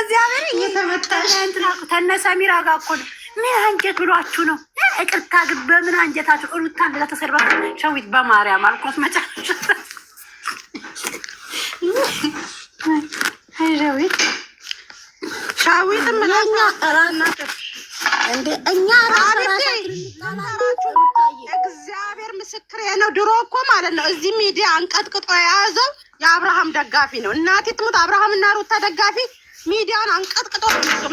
እግዚአብሔር እየተመታሽ ጋር እኮ ነው። ምን አንጀት ብሏችሁ ነው? ይቅርታ ግን በምን አንጀታችሁ ሩታ እንደዛ ተሰርባ ሸዊት በማርያም አልኳት። እግዚአብሔር ምስክሬ ነው። ድሮ እኮ ማለት ነው እዚህ ሚዲያ አንቀጥቅጦ የያዘው የአብርሃም ደጋፊ ነው። እናቴ ትሙት አብርሃምና ሩታ ደጋፊ ሚዲያን አንቀጥቅጦ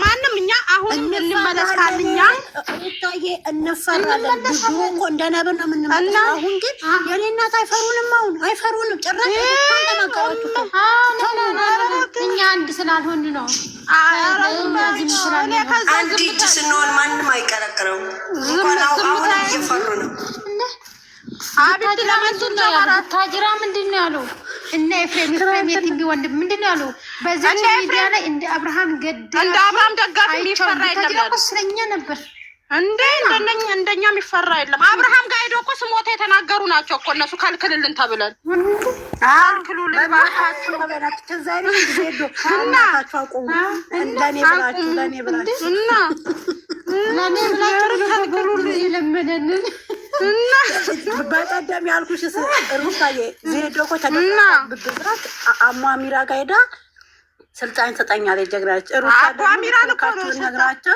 ማንም እኛ አሁንም እንመለሳልኛ ሩታዬ እንፈራለን። ብዙ እኮ እንደ ነብር ነው የምንመለስ። አሁን ግን የኔ እናት አይፈሩንም፣ አሁን አይፈሩንም ጭራሽ እኛ አንድ ስላልሆን ነው። አንድ እጅ ስንሆን ማንም አይቀረቅረው። አሁን እየፈሩ ነው። ለመንቱ ታጅራ ምንድን ነው ያለው? እና ኤፍሬም ኤፍሬም የቲቪ ወንድም ምንድን ነው ያሉ በዚህ ሚዲያ ላይ እንደ አብርሃም ገድ እንደ አብርሃም ደጋፊ የሚፈራ የለም ስለኛ ነበር እንዴ እንደኛ እንደኛ የሚፈራ የለም። አብርሃም ጋር ሄዶ እኮ ስሞታ የተናገሩ ናቸው እኮ እነሱ ካልክልልን ተብለን በቀደም ያልኩሽ ሩታዬ ዜዶ እኮ አሞ አሚራ ጋር ሄዳ ስልጣን ሰጠኛለች ጀግናለች ሩታ ደግሞ ነግራቸው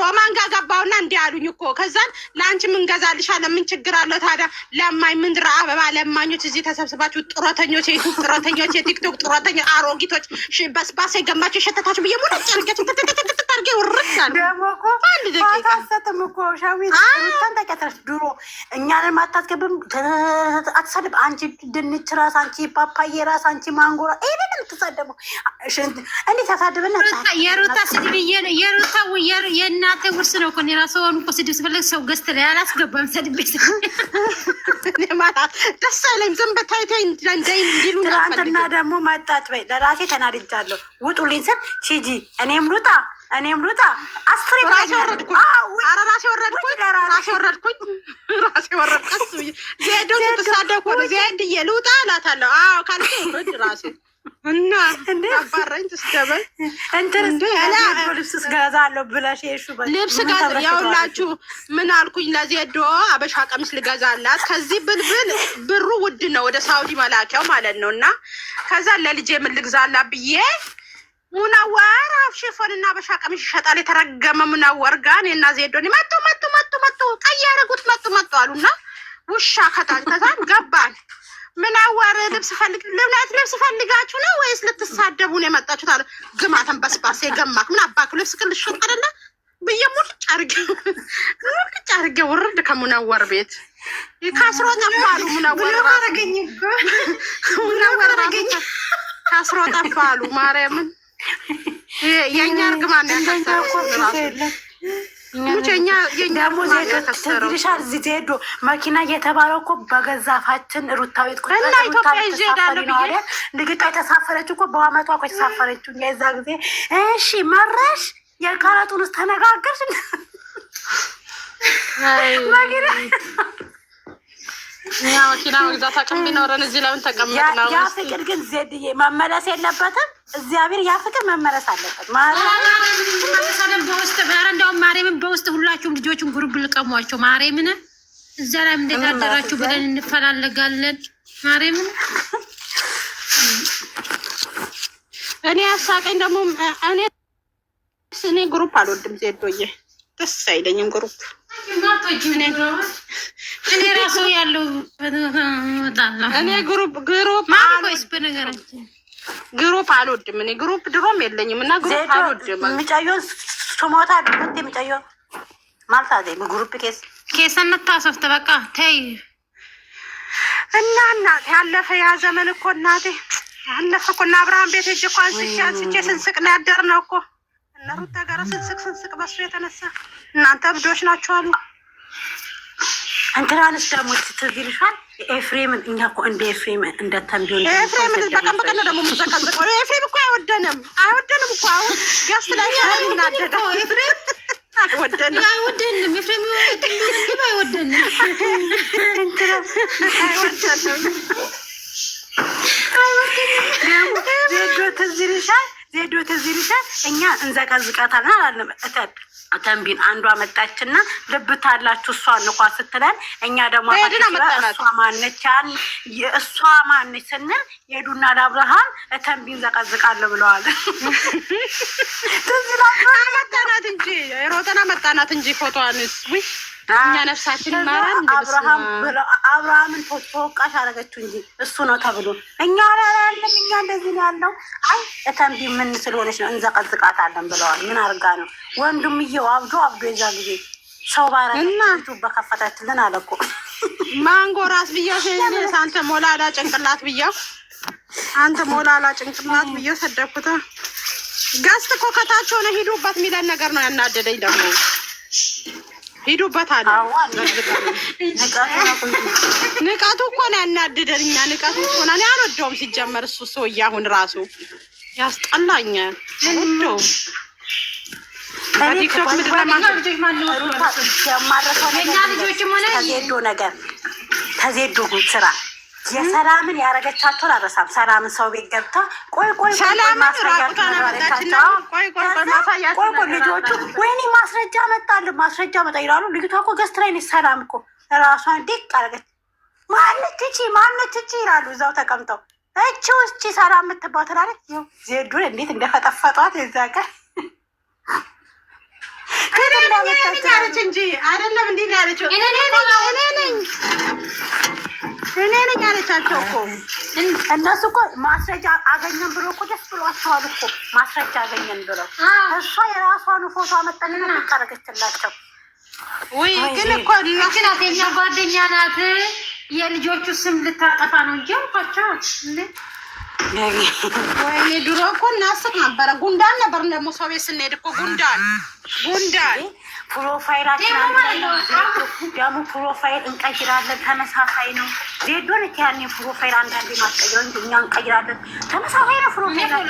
ሮማን ጋር ገባሁና እንዲህ አሉኝ እኮ ከዛን ለአንቺ ምንገዛልሻለን ምን ችግር አለው ታዲያ ለማኝ ምንድረ አበባ ለማኞች እዚህ ተሰብስባችሁ ጥሮተኞች፣ የዩቱብ ጥሮተኞች፣ የቲክቶክ ጥሮተኞች፣ አሮጊቶች በስባሳ የገማቸው የሸተታችሁ ብዬ ሙነ ጨርጌት ታርጌ ውርስ አለ አታሰጥም እኮ ሻዊታን ተቀጥረሽ ድሮ እኛንም አታስገብም አትሰድብ። አንቺ ድንች ራስ፣ አንቺ ፓፓዬ ራስ፣ አንቺ ማንጎ ራስ ይህንን የምትሰደበው እንዴት ያሳድበና የሩታ ስድብ የሩታ የነ እናንተ ውርስ ነው እኮ እኔ እራሱ አሁን እኮ ስድብ ስፈልግ ሰው ገዝት ላይ አላስገባም። ሰድቤ ደስ አይለኝም። ዝም በታይቶ እንዲሉ ትናንትና ደግሞ መጣች። በይ ለራሴ ተናድጃለሁ። ውጡልኝ ስል ሂጂ እኔም ሩጣ እኔም ሩጣ አስሬ ራሴ ወረድኩኝ። ኧረ ራሴ ወረድኩኝ። ራሴ ወረድኩኝ። ራሴ ወረድኩኝ። ዜዶ ስትሳደብ እኮ ዜድዬ ልውጣ እላታለሁ። አዎ ካልኩ ወረድ ራሴ እና አባረኝ ትስደበል ልብስ ያውላችሁ ምን አልኩኝ? ለዜዶ አበሻ ቀሚስ ልገዛላት ከዚህ ብልብል ብሩ ውድ ነው፣ ወደ ሳውዲ መላኪያው ማለት ነው። እና ከዛ ለልጄ ምን ልግዛላት ብዬ ሙናወር አብሽፎን እና አበሻ ቀሚስ ይሸጣል። የተረገመ ሙናወር ጋን እና ዜዶን መጡ መጡ መጡ መጡ ቀይ ያደረጉት መጡ መጡ አሉና ውሻ ከታን ከዛን ገባን ምን አዋረ ልብስ ፈልግ ልብላት ልብስ ፈልጋችሁ ነው ወይስ ልትሳደቡ ነው የመጣችሁት? አለ ግማተን ተንበስባሴ ገማክ ምን አባክ ልብስ ቅልሽ አይደለ ብዬ ሙልጭ አርጌ ሙልጭ አርጌ ወርድ ከሙነወር ቤት ካስሮ ጠፋ አሉ። ሙነወር አረገኝ ሙነወር አረገኝ ካስሮ ጠፋ አሉ። ማርያምን የእኛ እርግማን ያሳሰረ ራሱ ትንሻል እዚህ ሄዶ መኪና እየተባለው እኮ በገዛ ፋችን ሩታዊ እና ኢትዮጵያ ይዤ እሄዳለሁ ብዬ ልግጫ የተሳፈረች እኮ በመቷ እኮ የተሳፈረችው የዛ ጊዜ እሺ መረሽ የካራቱን ውስጥ ተነጋገርሽ መኪና መኪና መግዛት አቅም ቢኖረን ያ ፍቅር ግን ዜድዬ መመለስ የለበትም። እግዚአብሔር ያ ፍቅር መመለስ አለበት። ማርያምን በውስጥ ኧረ እንደውም ማርያምን በውስጥ ሁላችሁም ልጆችን ጉርብ ልቀሟቸው። ማርያምን እዛ ላይ እንዴት አደራችሁ ብለን እንፈላለጋለን። ማርያምን እኔ ያሳቀኝ ደግሞ እኔ እኔ ግሩፕ አልወድም ዜዶዬ፣ ደስ አይለኝም ግሩፕ እኔ ራሱ ያለው እኔ ግሩፕ ግሩፕ ግሩፕ አልወድም። እኔ ግሩፕ ድሮም የለኝም እና ግሩፕ አልወድም። የሚጫየውን ሶማታ ድሮት የሚጫየውን ማልታ ዘ ግሩፕ ኬስ ኬሰነት ታሰፍተ በቃ ተይ እና እናቴ ያለፈ ያ ዘመን እኮ እናቴ ያለፈ እኮ እና አብርሃም ቤት እጅ እኮ አንስቼ አንስቼ ስንስቅ ነው ያደር ነው እኮ እነ ሩታ ጋር ስንስቅ ስንስቅ በሱ የተነሳ እናንተ እብዶች ናችኋሉ። እንትናንስ ደግሞ ትዝ ይልሻል። ኤፍሬምን እኛ እኮ እንደ ኤፍሬም እንደ ተንቢሆን ደግሞ ኤፍሬም እኮ አይወደንም አይወደንም እኮ አሁን ላይ ናደደ ኤፍሬም አይወደንም ዜዶ ትዝ ዜዶ እኛ እንዘቀዝቃታለን አላለም ተንቢን አንዷ መጣችና ልብት አላችሁ እሷ እንኳ ስትለን እኛ ደግሞ እሷ ማነች ያን እሷ ማነች ስንል የዱና ለአብርሃም ተንቢን ዘቀዝቃለሁ ብለዋል። መጣናት እንጂ ሮጠና መጣናት እንጂ ፎቶዋንስ እኛ ነፍሳችን ይማራል። አብርሃምን ተወቃሽ አደረገችው እንጂ እሱ ነው ተብሎ እኛ ያለን እኛ እንደዚህ ያለው። አይ ተንቢ ምን ስለሆነች ነው እንዘቀዝቃታለን ብለዋል። ምን አርጋ ነው ወንድም ሰውየው አብዶ አብዶ የዛ ጊዜ ሰው ባረቱ በከፈታችልን አለ እኮ ማንጎ ራስ ብያሽ አንተ ሞላላ ጭንቅላት ብያው አንተ ሞላላ ጭንቅላት ብያው ሰደኩት። ገስት እኮ ከታች ሆነ ሂዱበት የሚለን ነገር ነው ያናደደኝ። ደግሞ ሂዱበት አለ። ንቀቱ እኮ ነው ያናደደን እኛ ንቀቱ እኮ ነው። እኔ አልወደውም ሲጀመር እሱ ሰውዬ አሁን ራሱ ያስጠላኛል። ወዶ ቲክቶክ ምድር ለማማረሰው ተዜዶ ነገር ተዜዶ ስራ የሰላምን ያረገቻቸውን አረሳም። ሰላምን ሰው ቤት ገብታ ቆይ ቆይ ቆይ ልጆቹ ወይኔ ማስረጃ መጣልን ማስረጃ መጣ ይላሉ። ልጅቷ እኮ ገስት ላይ ነች። ሰላም እኮ ራሷን ዲቅ አረገች። ማነች እቺ ማነች እቺ ይላሉ እዛው ተቀምጠው እቺ ውስጪ ሰላም የምትባትላለች። ዜዱን እንዴት እንደፈጠፈጧት የዛ ቀን እኔ ነኝ እኔ ነኝ አለቻቸው እኮ እነሱ እኮ ማስረጃ አገኘን ብሎ እኮ ደስ ብሏቸዋል እኮ ማስረጃ አገኘን ብለው እሷ የራሷን ፎቶ አመጣና ታረገችላቸው። ውይ ግን እኮ ምክንያት የኛ ጓደኛ ናት። የልጆቹ ስም ልታጠፋ ነው እንጂ አልኳቸው። ወይኔ ድሮ እኮ እናስቅ ነበረ። ጉንዳን ነበር ደግሞ ሰው ቤት ስንሄድ እኮ ጉንዳን ጉንዳን ፕሮፋይላችን ደግሞ ፕሮፋይል እንቀይራለን። ተመሳሳይ ነው። ዜዶን እኮ ያኔ ፕሮፋይል አንዳንዴ ማስቀይረው እኛ እንቀይራለን። ተመሳሳይ ነው ፕሮፋይል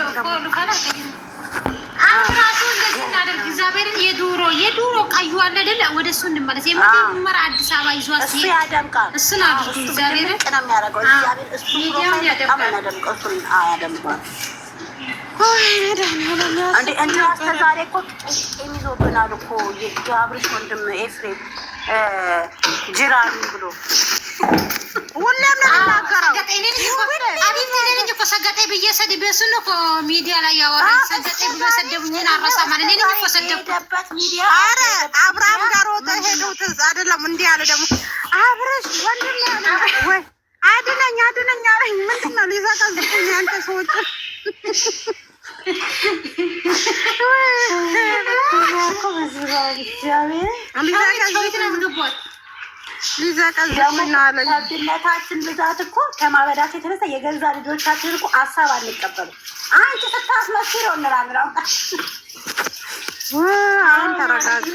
ራሱ እንደዚህ እናደርግ። እግዚአብሔርን የዱሮ የዱሮ ቀዩ አለ አይደለ? ወደ እሱ እንመለስ። የመጀመሪያ አዲስ አበባ ይዟት እሱ ያደምቃል። እሱን አድርጉ። እግዚአብሔርን ቅና የሚያደርገው እግዚአብሔር እሱ ያደምቃል። እሱን አያደምቃል። እኮ ቄም ይዞብናል እኮ የአብርሽ ወንድም ኤፍሬም ጅራን ብሎ ሁሌም ነው የሚናገረው ሰገጤ ብዬ ሰድቤ እሱን እኮ ሚዲያ ላይ ያወራል። ሰገጤ ብሎ ሰደቡኝን አረሳ ማለት እኔ እኮ ሰደብኩት። ኧረ አብርሃም ጋር ወጣ ሄደው ትዝ እንዲህ ያለ ደግሞ አብረሽ ወንድም ወይ አድነኝ አድነኝ አለኝ። ምንድን ነው ሊዘቀዝቁኝ አንተ ሰዎች ሊዘቀዝቁኝ ሊዘቀዝናለድነታችን ብዛት እኮ ከማበዳት የተነሳ የገዛ ልጆቻችን እኮ ሀሳብ አንቀበልም። አንቺ ስታስመስለው እንላለን። አሁን ተረጋጋ።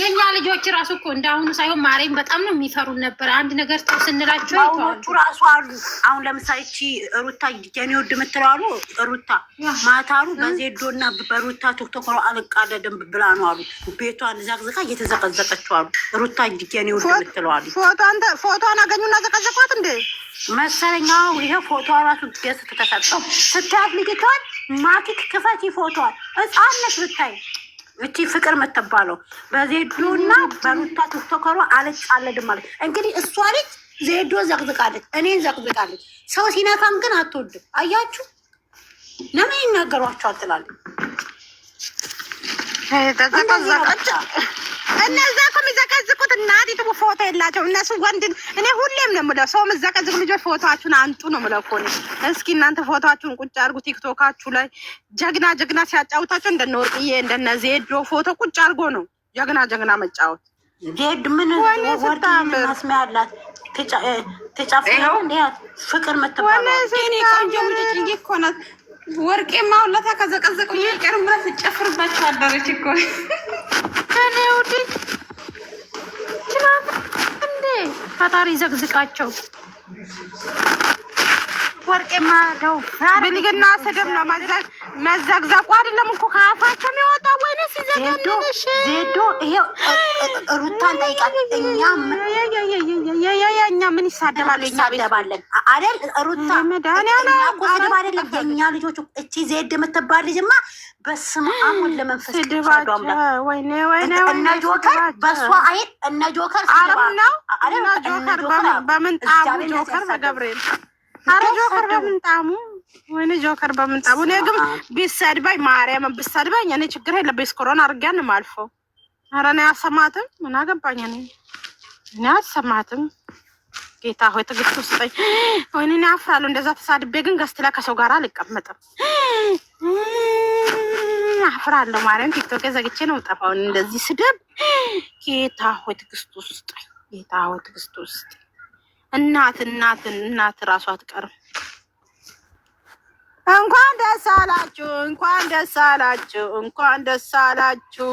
የእኛ ልጆች ራሱ እኮ እንዳሁኑ ሳይሆን ማሬም በጣም ነው የሚፈሩን ነበር። አንድ ነገር ተው ስንላቸው ይተዋሉ ራሱ አሉ። አሁን ለምሳሌ ቺ ሩታ የኔ ውድ የምትለዋሉ ሩታ ማታሩ በዜዶ በዜዶና በሩታ ቶክቶክሮ ነው አልቃደድም ብላ ነው አሉ። ቤቷን ዘቅዝቃ እየተዘቀዘቀችው አሉ። ሩታ የኔ ውድ የምትለዋሉ ፎቶን አገኙና ዘቀዘቋት እንዴ መሰለኛው ይሄ ፎቶ ራሱ ገጽ ተሰጠው ስታያት ልጅቷን ማቲክ ክፈት ይፎቷል። ህፃን ብታይ እቺ ፍቅር የምትባለው በዜዶና በሩታ አለች አለድ ማለት እንግዲህ እሷ ልጅ ዜዶ ዘቅዝቃለች፣ እኔን ዘቅዝቃለች። ሰው ሲነካን ግን አትወድም። አያችሁ ለምን ይናገሯቸው አትላለ እነዛ ከሚዘ የሚያዩት እናቲቱ ፎቶ የላቸው እነሱ ወንድ። እኔ ሁሌም ነው የምለው ሰው መዘቀዝቅ ልጆች ፎቶችሁን አንጡ ነው የምለው እኮ እኔ። እስኪ እናንተ ፎቶችሁን ቁጭ አድርጉ ቲክቶካችሁ ላይ ጀግና ጀግና ሲያጫውታቸው እንደነ ወርቅዬ እንደነ ዜዶ ፎቶ ቁጭ አድርጎ ነው ጀግና ጀግና መጫወት። ዜድ ምን ወርድ አላት ተጫፍ ፍቅር ምትባለ ወርቄ ማውለታ ፈጣሪ ይዘግዝቃቸው ወርቄማ ብልግና ስድብ ነው። መዘግዘቁ አይደለም እኮ ከአፋቸው የሚወጣው ወይንስ ይዘጋልሽ። ዜዶ ይሄ ሩታን ጠይቃት። እኛ ምን ይሳደባሉ? ይሳደባለን አይደል? ሩታ መድኃኒዓለም አይደለም የእኛ ልጆች። እቺ ዜድ የምትባል ልጅማ በስመ አብ ወወልድ ወመንፈስ ቅዱስ። እነ ጆከር በእሷ አይን እነ ጆከር አረም ነው እነ ጆከር በምንጣቡ ጆከር በገብርኤል አረ ጆከር በምንጣሙ ወይኔ ጆከር በምንጣሙ። እኔ ግን ማርያምን እኔ ችግር የለብኝ። አረ እኔ ምን አገባኝ እኔ እኔ ጌታ ሆይ ትግስት ውስጠኝ። ወይኔ እኔ አፍራለሁ። እንደዛ ተሳድቤ ግን ገስት ላይ ከሰው ጋር አልቀመጥም። አፍራለሁ ማርያም። ቲክቶክ ዘግቼ ነው ጠፋውን። እንደዚህ ስድብ ጌታ ሆይ ትግስት ውስጠኝ። ጌታ ሆይ ውስጠኝ። እናት እናት እናት እራሱ አትቀርም። እንኳን ደስ አላችሁ፣ እንኳን ደስ አላችሁ፣ እንኳን ደስ አላችሁ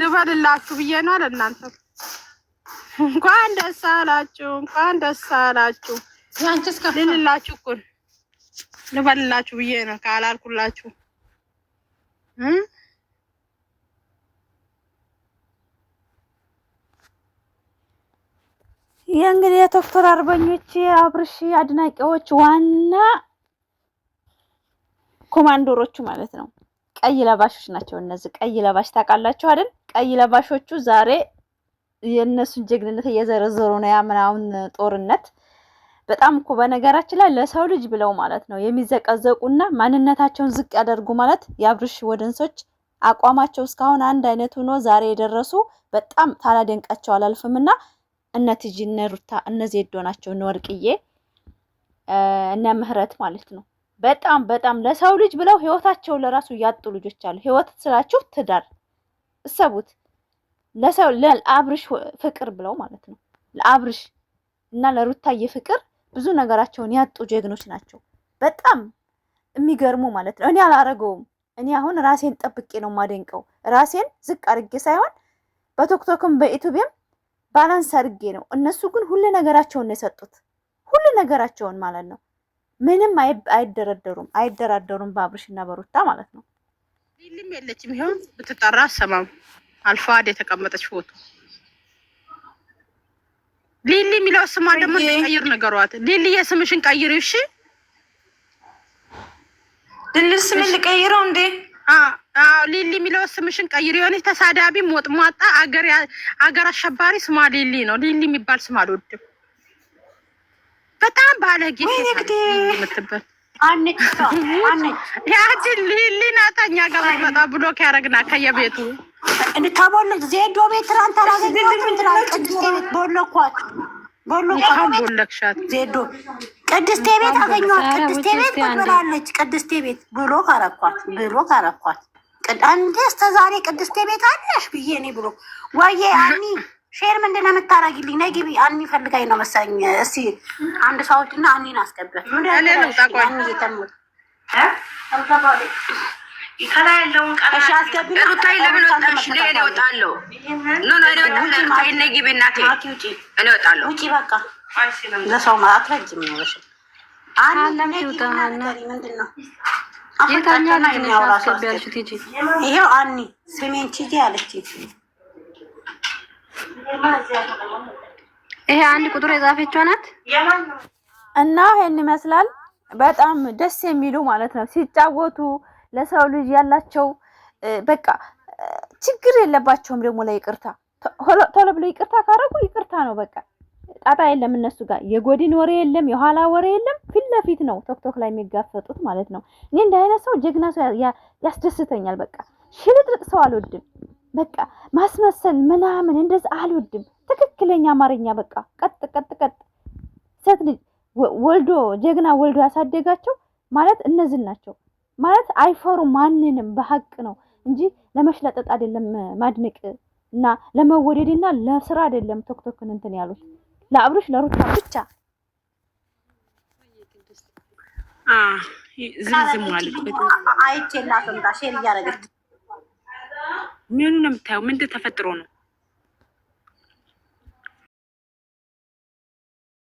ልበልላችሁ ብዬ ነው አለ እናንተ እንኳን ደስ አላችሁ፣ እንኳን ደስ አላችሁ ልልላችሁ እኮ ልበልላችሁ ብዬ ነው ካላልኩላችሁ የእንግዲህ የዶክተር አርበኞች አብርሽ አድናቂዎች ዋና ኮማንዶሮቹ ማለት ነው። ቀይ ለባሾች ናቸው እነዚህ። ቀይ ለባሽ ታውቃላችሁ አይደል? ቀይ ለባሾቹ ዛሬ የእነሱን ጀግንነት እየዘረዘሩ ነው። ያምናውን ጦርነት በጣም እኮ በነገራችን ላይ ለሰው ልጅ ብለው ማለት ነው የሚዘቀዘቁና ማንነታቸውን ዝቅ ያደርጉ ማለት የአብርሽ ወደንሶች አቋማቸው እስካሁን አንድ አይነት ሆኖ ዛሬ የደረሱ በጣም ታላደንቃቸው ደንቃቸው አላልፍምና። እነ ቲጂ እነ ሩታ እነ ዜዶ ናቸው እነ ወርቅዬ እነ ምህረት ማለት ነው። በጣም በጣም ለሰው ልጅ ብለው ህይወታቸው ለራሱ ያጡ ልጆች አሉ። ህይወት ስላችሁ ትዳር እሰቡት። ለሰው ለአብርሽ ፍቅር ብለው ማለት ነው። ለአብርሽ እና ለሩታዬ ፍቅር ብዙ ነገራቸውን ያጡ ጀግኖች ናቸው። በጣም የሚገርሙ ማለት ነው። እኔ አላረገውም። እኔ አሁን ራሴን ጠብቄ ነው የማደንቀው። ራሴን ዝቅ አድርጌ ሳይሆን በቶክቶክም በኢትዮጵያም ባላንስ አድርጌ ነው። እነሱ ግን ሁሉ ነገራቸውን ነው የሰጡት፣ ሁሉ ነገራቸውን ማለት ነው። ምንም አይደረደሩም፣ አይደራደሩም በአብርሽ እና በሩታ ማለት ነው። ሊልም የለችም። ይሄውን ብትጠራ አሰማም አልፋድ የተቀመጠች ፎቶ ሊሊ የሚለው ስማ ደግሞ ቀይር ነገሯት። ሊሊ የስምሽን ቀይር። እሺ ድልል ስምን ልቀይረው እንዴ? ሊሊ የሚለው ስምሽን ቀይር። የሆነ ተሳዳቢ ሞጥሟጣ አገር አሸባሪ ስማ ሊሊ ነው። ሊሊ የሚባል ስም አልወድም። በጣም ባለጌ የምትበት ሊሊ ናት። እኛ ጋር መጣ ብሎ ያደረግና ከየቤቱ ዜዶ ቤት ትናንት አላገኘኋትም። ትናንት ቅድስት ቤት ቦሎኳት ቦሎኳት። አሁን ቦለክሻት ዜዶ ቅድስቴ ቤት አገኘኋት። ቅድስቴ ቤት ቁጭ ብላለች። ቅድስቴ ቤት ብሎ ካረኳት ብሎ ካረኳት አንዴ እስከ ዛሬ ቅድስቴ ቤት አለሽ ብዬ እኔ ብሎ ወየ አኒ ሼር ምንድን ነው የምታረጊልኝ? ነይ ግቢ። አኒ ፈልጋኝ ነው መሰለኝ። እስቲ አንድ ሰዎች እና አኒን አስገበት ያለውን ለሰው አትረጅም ነው። እሺ አንድ ይሄው አኒ ስሜን ቺጂ አለች። ይሄ አንድ ቁጥር የጻፈችው ናት እና ይሄን ይመስላል። በጣም ደስ የሚሉ ማለት ነው ሲጫወቱ ለሰው ልጅ ያላቸው በቃ ችግር የለባቸውም። ደግሞ ላይ ይቅርታ ቶሎ ብሎ ይቅርታ ካረጉ ይቅርታ ነው በቃ ጣጣ የለም እነሱ ጋር የጎድን ወሬ የለም፣ የኋላ ወሬ የለም። ፊት ለፊት ነው ቶክቶክ ላይ የሚጋፈጡት ማለት ነው። እኔ እንደ አይነት ሰው ጀግና ሰው ያስደስተኛል። በቃ ሽልጥልጥ ሰው አልወድም። በቃ ማስመሰል ምናምን እንደዚ አልወድም። ትክክለኛ አማርኛ በቃ ቀጥ ቀጥ ቀጥ ሴት ልጅ ወልዶ ጀግና ወልዶ ያሳደጋቸው ማለት እነዚህ ናቸው ማለት አይፈሩ ማንንም በሀቅ ነው እንጂ ለመሽለጠጥ አይደለም ማድነቅ እና ለመወደድና ለስራ አይደለም ቶክቶክን እንትን ያሉት ለአብሮሽ ለሩታ ብቻ አይቼ ምኑ ነው የምታየው? ምንድን ተፈጥሮ ነው